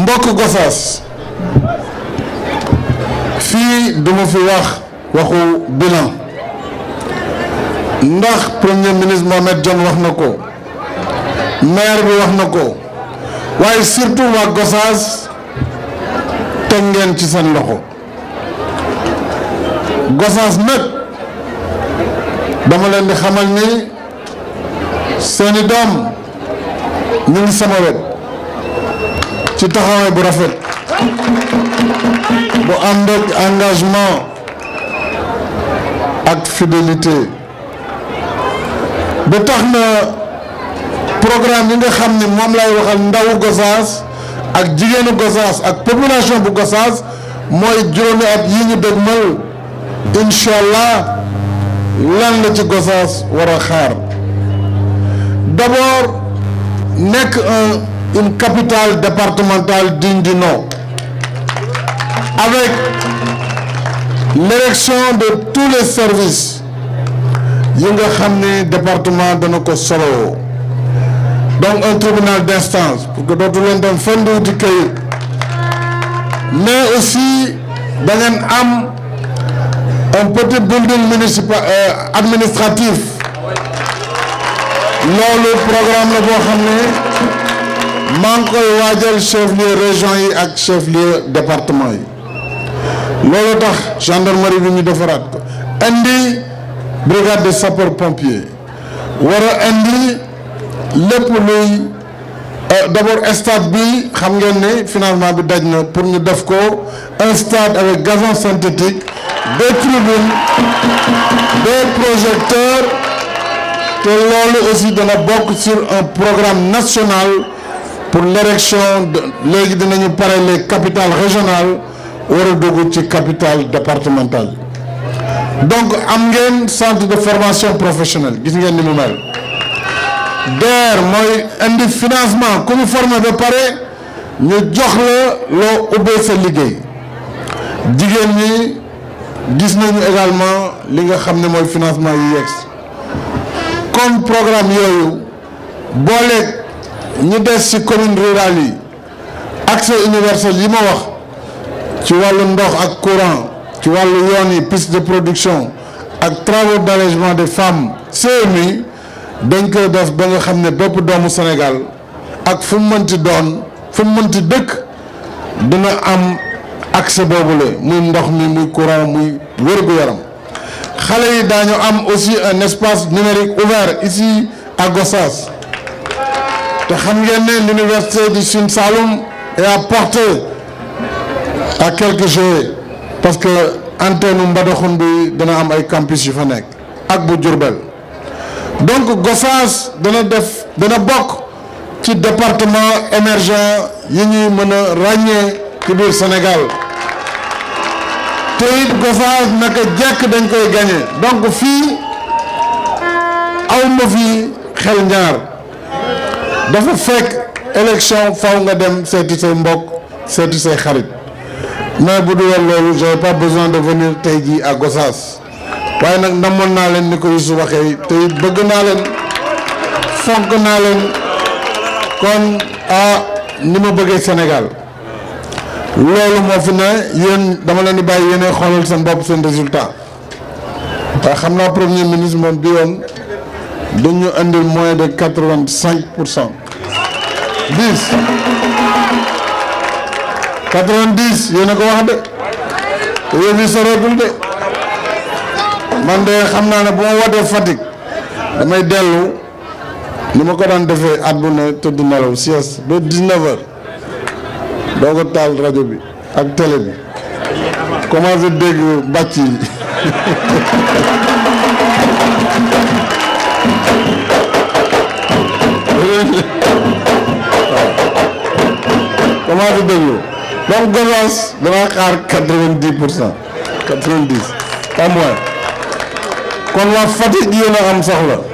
mbokk Gossas fii duma fi wax waxu bilan ndax premier ministre Mohamed Dionne wax na ko maire bi wax na ko waaye surtout waa Gossas teg ngeen ci seen loxo Gossas nag dama leen di xamal ni seeni doom ñu ngi sama wet ci taxawaay bu rafet bu ànd ak engagement ak fidélité ba tax programme yi nga xam ne moom lay waxal ndawu Gossas ak jigéenu Gossas ak population bu Gossas mooy juróomi at yi ñu dëgmal incha allah lan la ci Gossas war a xaar d'abord nekk un. une capitale départementale digne du nom. Avec l'élection de tous les services yi nga xam ne département dana ko solo donc un tribunal d'instance pour que dootu leen dem fenn wuti këyit mais aussi da un petit building municipal euh, administratif loolu programme la boo xam maa ngi koy waajal chef lieu région yi ak chef lieu département yi loolu tax gendarmerie bi ñu defaraat ko brigade de sapeur pompier wara a indi lépp luy euh, d'abord stade bi xam ngeen ne finalement bi daj na pour ñu def ko un stade avec gazon synthétique des tribunes des projecteurs te loolu aussi dana bokk sur un programme national pour l'élection léegi dinañu pare les capitales régionales war a dugg ci capitale départementale donc am ngeen centre de formation professionnelle gis ngeen ni mu mel DER mooy indi financement ku mu formé ba pare ñu jox la loo ubbee sa liggéey jigéen ni gis nañu également li nga xam ne mooy financement yi yegs kon programme yooyu booleeg ñu des ci commune rurale yi accès universel yi ma wax ci wàllu ndox ak courant ci wàllu yoon yi piste de production ak travaux d'allègement des femmes CMI dañ koy def ba nga xam ne bépp doomu Sénégal ak fu mu mënti doon fu mu mënti dëkk dina am accès boobule muy ndox mi muy courant muy wér-gu-yaram xale yi daañu am aussi un espace numérique ouvert ici à Gossas te xam ngeen ne l'université du Sine Saloum est à portée à quelques parce que antenne Mbadakhoune bi dana am ay campus yu fa nekk ak bu Diourbel donc Gossas dana def dana bokk ci département émergent yi ñuy mën a ràññee ci biir Sénégal te it Gossas naka jekk dañ koy gagné donc fii aw fi xel njaar dafa fekk élection faw nga dem seeti say mbokk seeti say xarit mais bu du woon loolu j'avais pas besoin de venir tey jii à Gossas waaye nag namoon naa leen ni ko Youssou waxee te bëgg naa leen fonk naa leen kon ah ni ma bëggee Sénégal loolu moo fi ne yéen dama leen di bàyyi yéenay xoolal seen bopp seen résultat waaye xam naa premier ministre moom bi yoon dañu indil moins de quatre vingt cinq pour cent dix quatre vingt dix yéen a ko wax de te yéen ñi soreetul de man de xam naa ne bu ma wootee Fatick damay dellu ni ma ko daan defee at bu ne tëdd nelaw sieste ba dix neuf doo ko taal rajo bi ak télé bi commencé dégg bàcc yi. danaa ko déglu donc Gosaas danaa xaar quatre-vingt-dix pour cent quatre-vingt-dix pas moins kon waa Fatick yéen a am soxla.